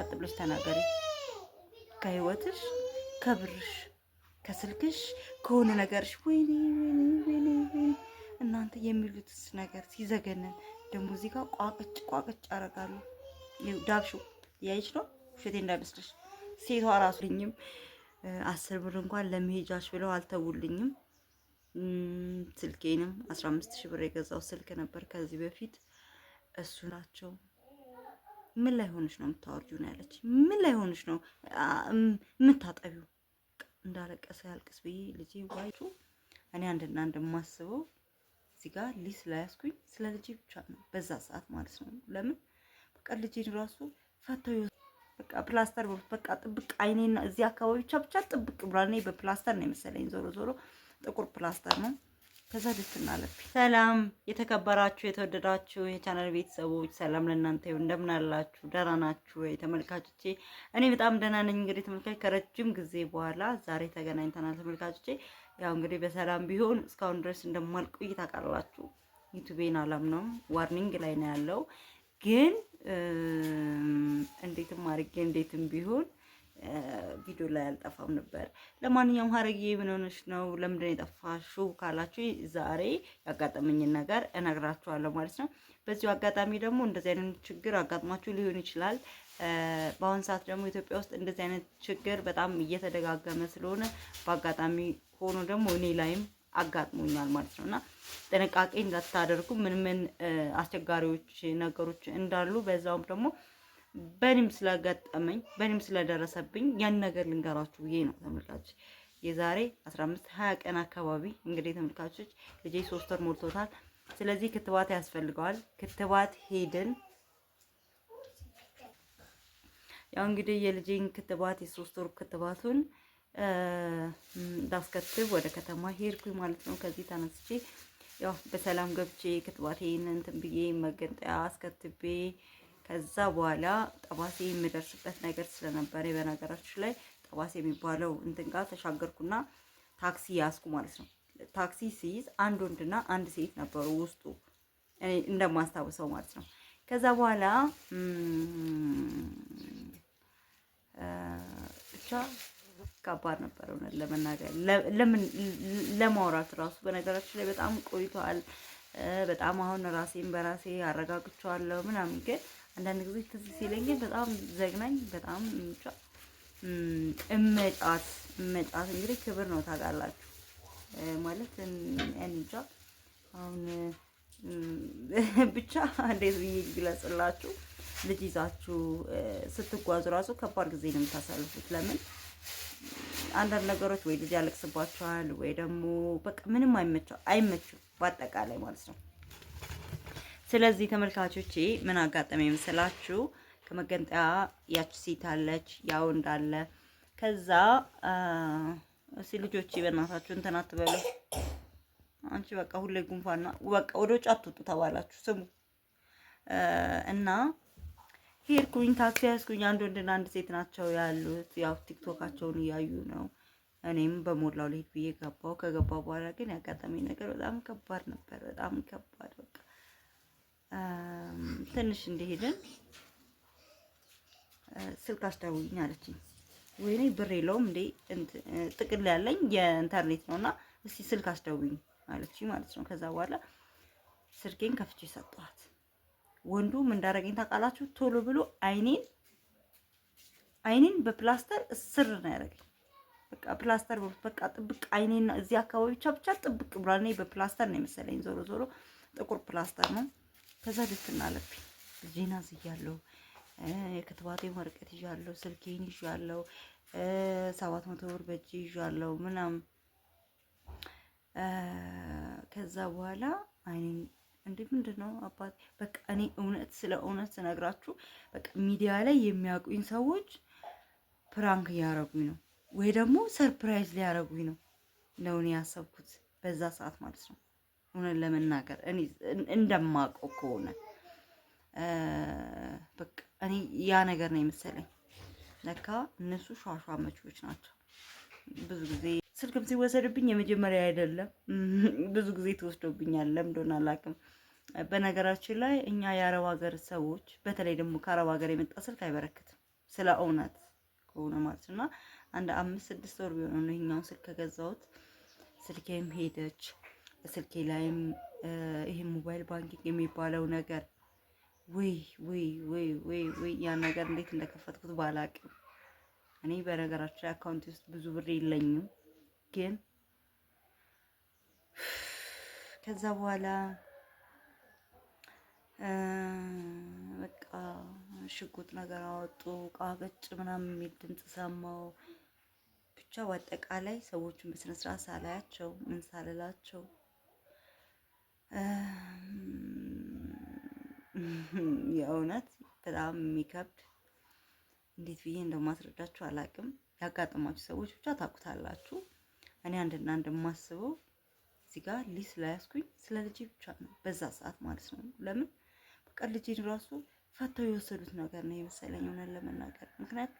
ቀጥ ብለሽ ተናገሪ። ከህይወትሽ፣ ከብርሽ፣ ከስልክሽ፣ ከሆነ ነገርሽ ወይኔ ወይኔ ወይኔ ወይኔ እናንተ የሚሉትስ ነገር ሲዘገነን ደግሞ እዚህ ጋር ቋቅጭ ቋቅጭ ያደርጋሉ። ዳብሹ ያይች ነው ውሸቴ እንዳይመስልሽ። ሴቷ ራሱ ልኝም አስር ብር እንኳን ለመሄጃሽ ብለው አልተውልኝም። ስልኬንም አስራ አምስት ሺህ ብር የገዛው ስልክ ነበር ከዚህ በፊት እሱ ናቸው። ምን ላይ ሆነሽ ነው የምታወርጂው? ነው ያለች። ምን ላይ ሆነሽ ነው የምታጠቢው? እንዳለቀሰ ያልቅስ ብዬ ልጄ ዋይቱ። እኔ አንድና እንደማስበው እዚህ ጋር ልጅ ስላያዝኩኝ ስለ ልጄ ብቻ ነው በዛ ሰዓት ማለት ነው። ለምን በቃ ልጄን ራሱ ፈተው በቃ ፕላስተር በቃ ጥብቅ አይኔና እዚህ አካባቢ ብቻ ብቻ ጥብቅ ብሏል። እኔ በፕላስተር ነው የመሰለኝ። ዞሮ ዞሮ ጥቁር ፕላስተር ነው። ከዛ ልትናለብ ሰላም የተከበራችሁ የተወደዳችሁ የቻናል ቤተሰቦች ሰላም ለእናንተ ይሁን። እንደምን አላችሁ? ደህና ናችሁ ወይ ተመልካቾቼ? እኔ በጣም ደህና ነኝ። እንግዲህ ተመልካች ከረጅም ጊዜ በኋላ ዛሬ ተገናኝተናል ተመልካቾቼ። ያው እንግዲህ በሰላም ቢሆን እስካሁን ድረስ እንደማልቆይ ታውቃላችሁ። ዩቱቤን አላም ነው ዋርኒንግ ላይ ነው ያለው ግን እንዴትም አድርጌ እንዴትም ቢሆን ቪዲዮ ላይ አልጠፋም ነበር። ለማንኛውም ሀረጌ ምን ሆነሽ ነው ለምንድን የጠፋሽው ካላችሁ ዛሬ ያጋጠመኝን ነገር እነግራችኋለሁ ማለት ነው። በዚሁ አጋጣሚ ደግሞ እንደዚህ አይነት ችግር አጋጥሟችሁ ሊሆን ይችላል። በአሁኑ ሰዓት ደግሞ ኢትዮጵያ ውስጥ እንደዚህ አይነት ችግር በጣም እየተደጋገመ ስለሆነ በአጋጣሚ ሆኖ ደግሞ እኔ ላይም አጋጥሞኛል ማለት ነው እና ጥንቃቄ እንዳታደርጉ ምን ምን አስቸጋሪዎች ነገሮች እንዳሉ በዛውም ደግሞ በእኔም ስለገጠመኝ በእኔም ስለደረሰብኝ ያን ነገር ልንገራችሁ ብዬ ነው ተመልካች። የዛሬ 15 20 ቀን አካባቢ እንግዲህ ተመልካቾች ልጄ ሶስት ወር ሞልቶታል። ስለዚህ ክትባት ያስፈልገዋል። ክትባት ሄድን። ያው እንግዲህ የልጄን ክትባት የሶስት ወር ክትባቱን እንዳስከትብ ወደ ከተማ ሄድኩኝ ማለት ነው። ከዚህ ተነስቼ ያው በሰላም ገብቼ ክትባቴን እንትን ብዬ መገንጠያ አስከትቤ ከዛ በኋላ ጠባሴ የምደርስበት ነገር ስለነበረ በነገራችን ላይ ጠባሴ የሚባለው እንትን ጋር ተሻገርኩና ታክሲ ያዝኩ ማለት ነው። ታክሲ ሲይዝ አንድ ወንድና አንድ ሴት ነበሩ ውስጡ እንደማስታውሰው ማለት ነው። ከዛ በኋላ ብቻ ከባድ ነበር እውነት ለመናገር ለማውራት ራሱ። በነገራችን ላይ በጣም ቆይቷል። በጣም አሁን ራሴን በራሴ አረጋግቻለሁ ምናምን ግን አንዳንድ ጊዜ ትዝ ሲለኝ በጣም ዘግናኝ በጣም ብቻ እመጫት እመጫት እንግዲህ ክብር ነው ታውቃላችሁ። ማለት እንጃ አሁን ብቻ እንዴት ብዬ ግለጽላችሁ። ልጅ ይዛችሁ ስትጓዙ ራሱ ከባድ ጊዜ ነው የምታሳልፉት። ለምን አንዳንድ ነገሮች ወይ ልጅ ያለቅስባችኋል፣ ወይ ደግሞ በቃ ምንም አይመቸው አይመችም በአጠቃላይ ማለት ነው። ስለዚህ ተመልካቾቼ ምን አጋጠመ የምስላችሁ ከመገንጠያ ያች ሴት አለች ያው እንዳለ ከዛ እስኪ ልጆቼ በእናታችሁ እንትን አትበሉ አንቺ በቃ ሁሌ ጉንፋና በቃ ወደ ውጭ አትወጡ ተባላችሁ ስሙ እና ሄድኩኝ ታክሲ ያዝኩኝ አንድ ወንድና አንድ ሴት ናቸው ያሉት ያው ቲክቶካቸውን እያዩ ነው እኔም በሞላው ልሄድ ብዬ ገባው ከገባው በኋላ ግን ያጋጠመኝ ነገር በጣም ከባድ ነበር በጣም ከባድ በቃ ትንሽ እንደሄድን ስልክ አስደውይኝ አለችኝ። ወይኔ ብር የለውም እንዴ ጥቅል ያለኝ የኢንተርኔት ነውና እስቲ ስልክ አስደውይኝ አለችኝ ማለት ነው። ከዛ በኋላ ስልኬን ከፍቼ ሰጠኋት። ወንዱ ምን እንዳደረገኝ ታውቃላችሁ? ቶሎ ብሎ አይኔን አይኔን በፕላስተር እስር ነው ያደረገኝ። በቃ ፕላስተር በቃ ጥብቅ አይኔን እዚህ አካባቢ ብቻ ብቻ ጥብቅ ብሏል። እኔ በፕላስተር ነው የመሰለኝ። ዞሮ ዞሮ ጥቁር ፕላስተር ነው። ከዛ ድፍን አለብኝ። ልጄን አዝያለሁ፣ የክትባቴን ወረቀት ይዣለሁ፣ ስልኬን ይዣለሁ፣ ሰባት መቶ ብር በእጅ ይዣለሁ ምናምን። ከዛ በኋላ አይኔ እንዴ ምንድን ነው አባት በቃ እኔ እውነት ስለ እውነት ስነግራችሁ በቃ ሚዲያ ላይ የሚያውቁኝ ሰዎች ፕራንክ እያረጉኝ ነው ወይ ደግሞ ሰርፕራይዝ ሊያረጉኝ ነው ነው እኔ ያሰብኩት በዛ ሰዓት ማለት ነው። እውነት ለመናገር እኔ እንደማውቀው ከሆነ በቃ እኔ ያ ነገር ነው የመሰለኝ። ለካ እነሱ ሿሿ መቼዎች ናቸው። ብዙ ጊዜ ስልክም ሲወሰድብኝ የመጀመሪያ አይደለም፣ ብዙ ጊዜ ትወስዶብኛል። ለምዶን አላውቅም። በነገራችን ላይ እኛ የአረብ ሀገር ሰዎች በተለይ ደግሞ ከአረብ ሀገር የመጣ ስልክ አይበረክትም፣ ስለ እውነት ከሆነ ማለት ና አንድ አምስት ስድስት ወር ቢሆን ነው ይሄኛውን ስልክ ከገዛሁት ስልኬም ሄደች ስልኬ ላይም ይሄ ሞባይል ባንኪንግ የሚባለው ነገር ውይ ውይ ውይ ውይ ውይ ያን ነገር እንዴት እንደከፈትኩት ባላቅም። እኔ በነገራችን ላይ አካውንት ውስጥ ብዙ ብር የለኝም፣ ግን ከዛ በኋላ በቃ ሽጉጥ ነገር አወጡ ቃቅጭ ምናምን የሚል ድምፅ ሰማው። ብቻ በአጠቃላይ ሰዎቹን በስነስርዓት ሳላያቸው ምን ሳልላቸው የእውነት በጣም የሚከብድ እንዴት ብዬ እንደማስረዳችሁ አላቅም። ያጋጠማችሁ ሰዎች ብቻ ታውቁታላችሁ። እኔ አንድና አንድ የማስበው እዚህ ጋር ሊስ ላያስኩኝ ስለ ልጄ ብቻ ነው፣ በዛ ሰዓት ማለት ነው። ለምን በቃ ልጄን ራሱ ፈተው የወሰዱት ነገር ነው የመሰለኝ ሆነን ለመናገር ምክንያቱም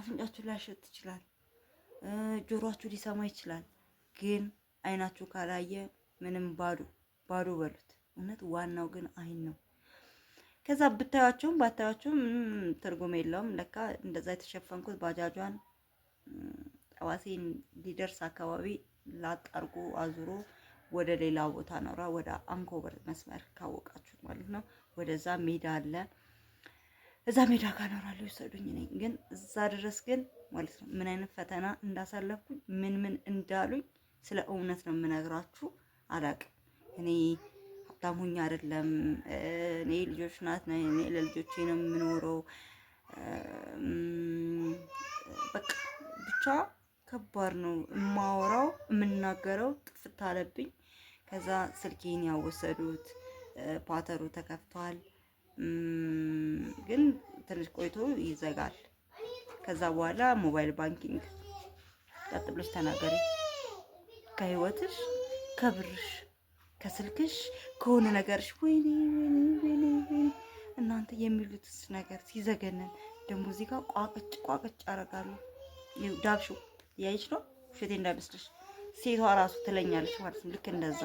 አፍንጫችሁ ሊያሸት ይችላል፣ ጆሮአችሁ ሊሰማ ይችላል። ግን አይናችሁ ካላየ ምንም ባዶ ባዶ በሉት። እውነት ዋናው ግን አይን ነው። ከዛ ብታያቸውም ባታያቸውም ትርጉም የለውም። ለካ እንደዛ የተሸፈንኩት ባጃጇን ጠዋሴን ሊደርስ አካባቢ ላጣርጎ አዙሮ ወደ ሌላ ቦታ ኖራ ወደ አንኮበር መስመር ካወቃችሁ ማለት ነው። ወደዛ ሜዳ አለ። እዛ ሜዳ ካኖራሉ ይወሰዱኝ። ነኝ ግን እዛ ድረስ ግን ማለት ነው ምን አይነት ፈተና እንዳሳለፍኩኝ ምን ምን እንዳሉኝ ስለ እውነት ነው የምነግራችሁ አላቅም። እኔ ሁኝ አይደለም እኔ ልጆች ናት እኔ ለልጆቼ ነው የምኖረው። በቃ ብቻ ከባድ ነው የማወራው የምናገረው ጥፍት አለብኝ። ከዛ ስልኬን ያወሰዱት ፓተሩ ተከፍቷል፣ ግን ትንሽ ቆይቶ ይዘጋል። ከዛ በኋላ ሞባይል ባንኪንግ ቀጥ ብለሽ ተናገሪ ከህይወትሽ ከብርሽ ከስልክሽ ከሆነ ነገርሽ ወይኔ ወይኔ ወይኔ ወይኔ እናንተ የሚሉትስ ነገር ሲዘገነን ደግሞ እዚህ ጋር ቋቅጭ ቋቅጭ ያደርጋሉ። ዳብሹ እያየች ነው ውሸቴ እንዳይመስልሽ ሴቷ ራሱ ትለኛለች ማለት ነው። ልክ እንደዛ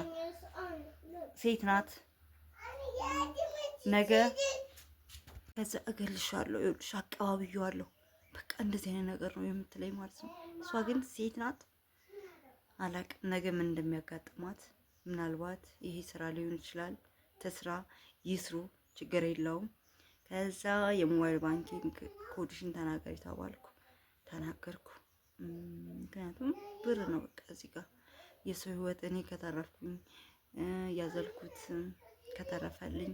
ሴት ናት። ነገ ከዛ እገልሻለሁ፣ ይኸውልሽ አቀባብያዋለሁ፣ በቃ እንደዚህ አይነት ነገር ነው የምትለኝ ማለት ነው። እሷ ግን ሴት ናት። አላቅም ነገ ምን እንደሚያጋጥማት ምናልባት ይህ ስራ ሊሆን ይችላል። ተስራ ይስሩ፣ ችግር የለውም። ከዛ የሞባይል ባንኪንግ ኮድሽን ተናገሪ ተባልኩ። ተናገርኩ። ምክንያቱም ብር ነው በቃ እዚህ ጋር የሰው ህይወት እኔ ከተረፍኩኝ ያዘልኩት ከተረፈልኝ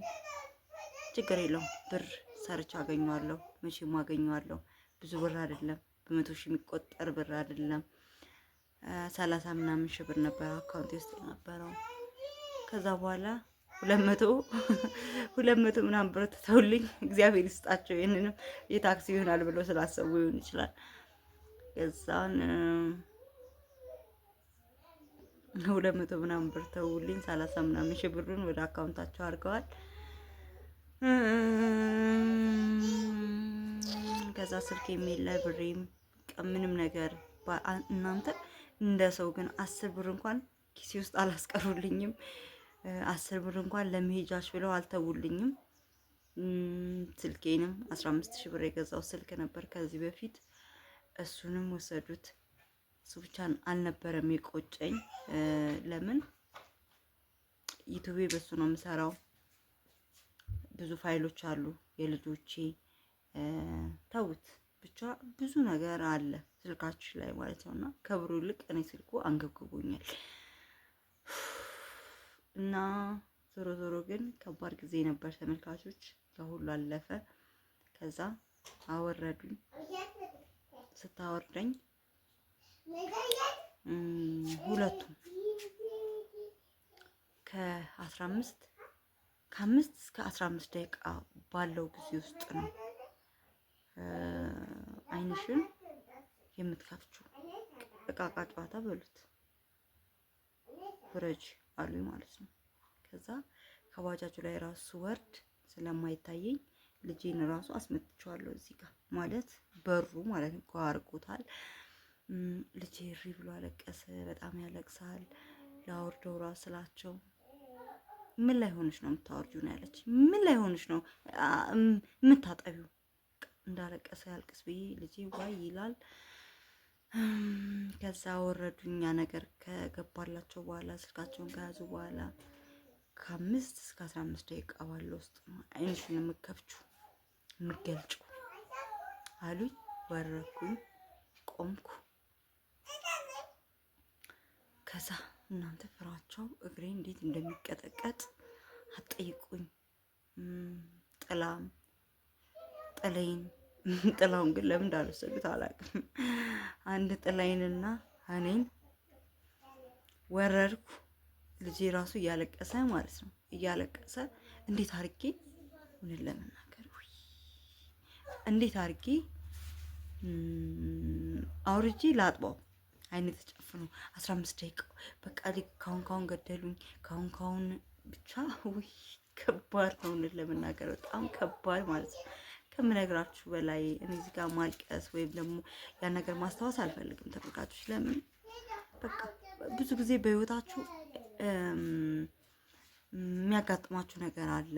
ችግር የለውም። ብር ሰርች አገኘዋለሁ፣ መቼም አገኘዋለሁ። ብዙ ብር አይደለም፣ በመቶ ሺህ የሚቆጠር ብር አይደለም። ሰላሳ ምናምን ሺህ ብር ነበር አካውንቴ ውስጥ የነበረው። ከዛ በኋላ ሁለት መቶ ሁለት መቶ ምናምን ብር ትተውልኝ እግዚአብሔር ይስጣቸው። ይህንንም የታክሲ ይሆናል ብሎ ስላሰቡ ይሆን ይችላል። ከዛን ሁለት መቶ ምናምን ብር ተውልኝ፣ ሰላሳ ምናምን ሺህ ብሩን ወደ አካውንታቸው አድርገዋል። ከዛ ስልክ፣ ኢሜል ላይ ብሬም ምንም ነገር እናንተ እንደ ሰው ግን አስር ብር እንኳን ኪሴ ውስጥ አላስቀሩልኝም። አስር ብር እንኳን ለመሄጃች ብለው አልተውልኝም። ስልኬንም አስራ አምስት ሺህ ብር የገዛው ስልክ ነበር ከዚህ በፊት እሱንም ወሰዱት። እሱ ብቻን አልነበረም የቆጨኝ። ለምን ዩቱቤ በሱ ነው የምሰራው። ብዙ ፋይሎች አሉ የልጆቼ። ተውት። ብቻ ብዙ ነገር አለ ስልካችሁ ላይ ማለት ነው። እና ከብሩ ይልቅ እኔ ስልኩ አንገብግቦኛል። እና ዞሮ ዞሮ ግን ከባድ ጊዜ ነበር ተመልካቾች፣ ከሁሉ አለፈ። ከዛ አወረዱኝ። ስታወርደኝ ሁለቱም ከአስራ አምስት ከአምስት እስከ አስራ አምስት ደቂቃ ባለው ጊዜ ውስጥ ነው አይንሽን የምትከፍችው እቃቃ ጨዋታ በሉት ውረጅ አሉኝ ማለት ነው። ከዛ ከባጃጁ ላይ ራሱ ወርድ ስለማይታየኝ ልጄን ራሱ አስመትቼዋለሁ እዚህ ጋር ማለት በሩ ማለት ነው። አርጎታል። ልጄ እሪ ብሎ አለቀሰ። በጣም ያለቅሳል። ላወርደው ራሱ ስላቸው ምን ላይ ሆነሽ ነው የምታወርጂው ነው ያለች። ምን ላይ ሆነሽ ነው የምታጠቢው እንዳለቀሰ ያልቅስ ብዬ ልጄ ዋይ ይላል። ከዛ ወረዱኛ ነገር ከገባላቸው በኋላ ስልካቸውን ከያዙ በኋላ ከአምስት እስከ አስራ አምስት ደቂቃ ባለ ውስጥ ነው አይንሽን የምከፍቹ የምገልጩ አሉኝ። ወረኩኝ፣ ቆምኩ። ከዛ እናንተ ፍራቸው እግሬ እንዴት እንደሚቀጠቀጥ አትጠይቁኝ። ጥላም ጥለይን ጥላውን ግን ለምን እንዳልወሰዱት አላውቅም። አንድ ጥላዬንና እኔን ወረርኩ። ልጄ ራሱ እያለቀሰ ማለት ነው እያለቀሰ እንዴት አድርጌ ምን ለመናገር እንዴት አድርጌ አውርጄ ላጥባው አይኔ ተጨፍኖ አስራ አምስት ደቂቃ በቃ ካሁን ካሁን ገደሉኝ ካሁን ካሁን ብቻ ውይ ከባድ ነው ለመናገር በጣም ከባድ ማለት ነው። ከምነግራችሁ በላይ እኔ እዚህ ጋር ማልቀስ ወይም ደግሞ ያን ነገር ማስታወስ አልፈልግም። ተመልካቾች ለምን በቃ ብዙ ጊዜ በህይወታችሁ የሚያጋጥማችሁ ነገር አለ።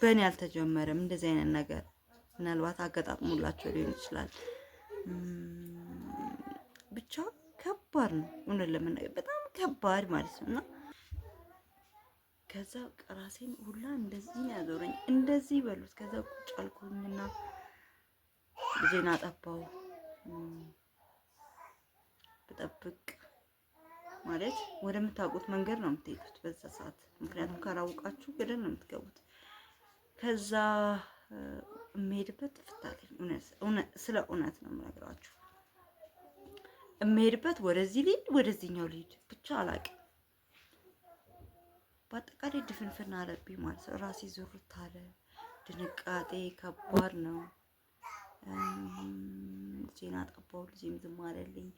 በእኔ አልተጀመረም እንደዚህ አይነት ነገር ምናልባት አገጣጥሞላቸው ሊሆን ይችላል። ብቻ ከባድ ነው፣ እውነት ለመናገር በጣም ከባድ ማለት ነው እና ከዛ ቀራሴን ሁላ እንደዚህ ነው ያዞረኝ። እንደዚህ በሉት። ከዛ ቁጭ አልኩኝና ልጄን አጠባው ብጠብቅ ማለት ወደምታውቁት መንገድ ነው የምትሄዱት በዛ ሰዓት፣ ምክንያቱም ካላውቃችሁ ገደል ነው የምትገቡት። ከዛ የምሄድበት ፍታል ስለ እውነት ነው የምነግራችሁ። የምሄድበት ወደዚህ ልሂድ ወደዚህኛው ልሂድ ብቻ አላውቅም። በአጠቃላይ ድፍንፍን አለብኝ ማለት ነው። ራሴ ዙርት አለ። ድንቃጤ ከባድ ነው። ዜና ጠባው ልጄም ዝም አለልኝ።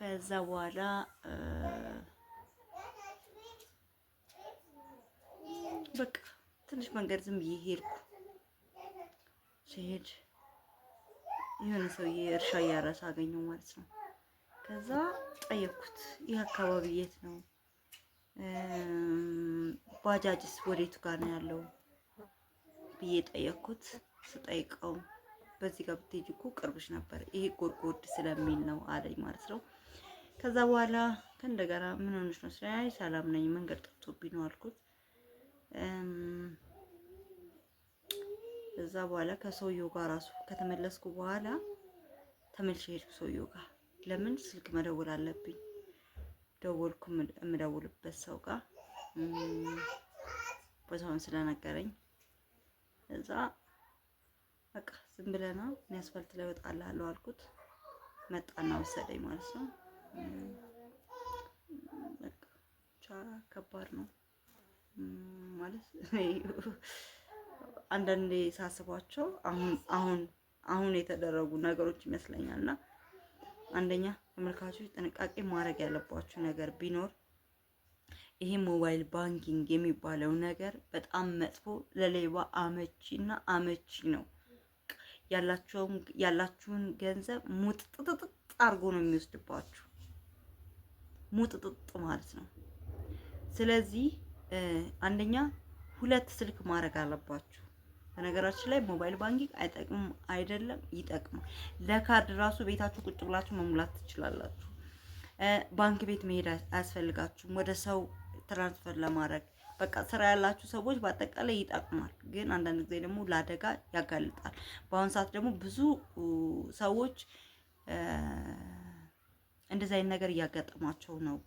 ከዛ በኋላ በቃ ትንሽ መንገድ ዝም ብዬ ሄድኩ ሲሄድ የሆነ ሰውዬ እርሻ እያረሰ አገኘው ማለት ነው። ከዛ ጠየቅኩት፣ ይህ አካባቢ የት ነው? ባጃጅስ ወዴቱ ጋር ነው ያለው ብዬ ጠየቅኩት። ስጠይቀው በዚህ ጋር ብትሄጂ እኮ ቅርብሽ ነበር፣ ይሄ ጎድጎድ ስለሚል ነው አለኝ ማለት ነው። ከዛ በኋላ ከእንደገና ምን ሆነሽ ነው? ስለ ሰላም ነኝ መንገድ ጠፍቶብኝ ነው አልኩት። እዛ በኋላ ከሰውየው ጋር ራሱ ከተመለስኩ በኋላ ተመልሼ ሄድኩ ሰውየው ጋር። ለምን ስልክ መደወል አለብኝ። ደወልኩ የምደውልበት ሰው ጋር ቦታውን ስለነገረኝ እዛ በቃ ዝም ብለና እኔ አስፋልት ላይ ወጣላለሁ አልኩት። መጣና ወሰደኝ ማለት ነው። በቃ ብቻ ከባድ ነው ማለት አንዳንዴ ሳስቧቸው አሁን አሁን አሁን የተደረጉ ነገሮች ይመስለኛል። እና አንደኛ ተመልካቾች ጥንቃቄ ማድረግ ያለባችሁ ነገር ቢኖር ይሄ ሞባይል ባንኪንግ የሚባለው ነገር በጣም መጥፎ፣ ለሌባ አመቺ እና አመቺ ነው። ያላችሁን ገንዘብ ሙጥጥጥጥ አድርጎ ነው የሚወስድባችሁ። ሙጥጥጥ ማለት ነው። ስለዚህ አንደኛ ሁለት ስልክ ማድረግ አለባችሁ። በነገራችን ላይ ሞባይል ባንኪንግ አይጠቅምም አይደለም፣ ይጠቅማል። ለካርድ ራሱ ቤታችሁ ቁጭ ብላችሁ መሙላት ትችላላችሁ። ባንክ ቤት መሄድ አያስፈልጋችሁም ወደ ሰው ትራንስፈር ለማድረግ በቃ ስራ ያላችሁ ሰዎች በአጠቃላይ ይጠቅማል። ግን አንዳንድ ጊዜ ደግሞ ለአደጋ ያጋልጣል። በአሁኑ ሰዓት ደግሞ ብዙ ሰዎች እንደዚህ አይነት ነገር እያጋጠማቸው ነው።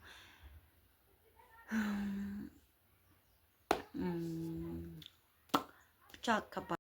Пчатка